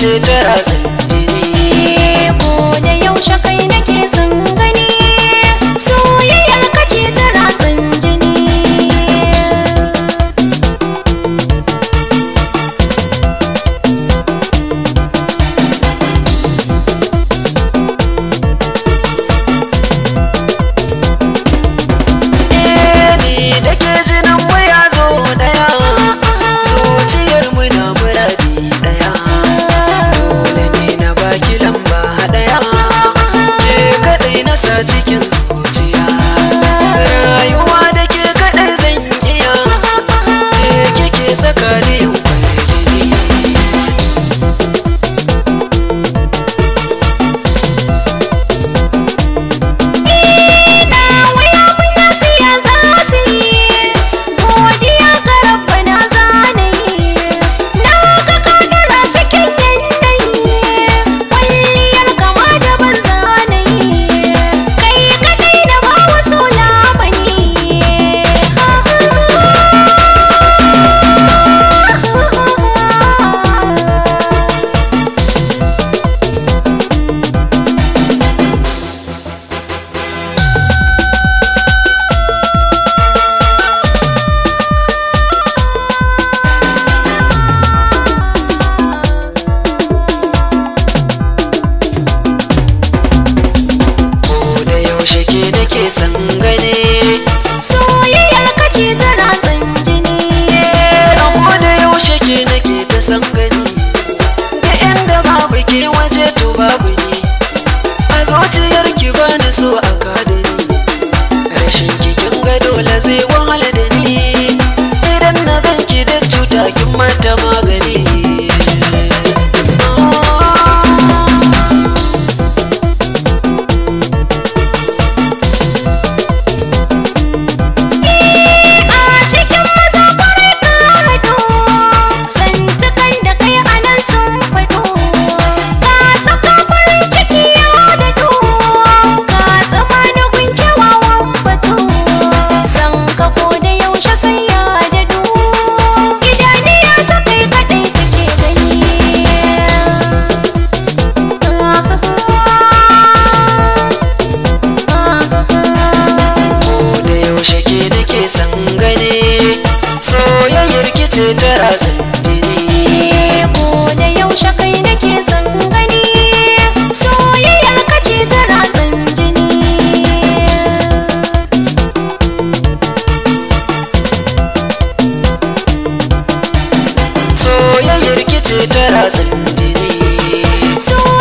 ce ta ratsa jini ko yaushe kai nake son gani soyayyar ka jini Eh, da ke chúng mày soyayyar kice ta tara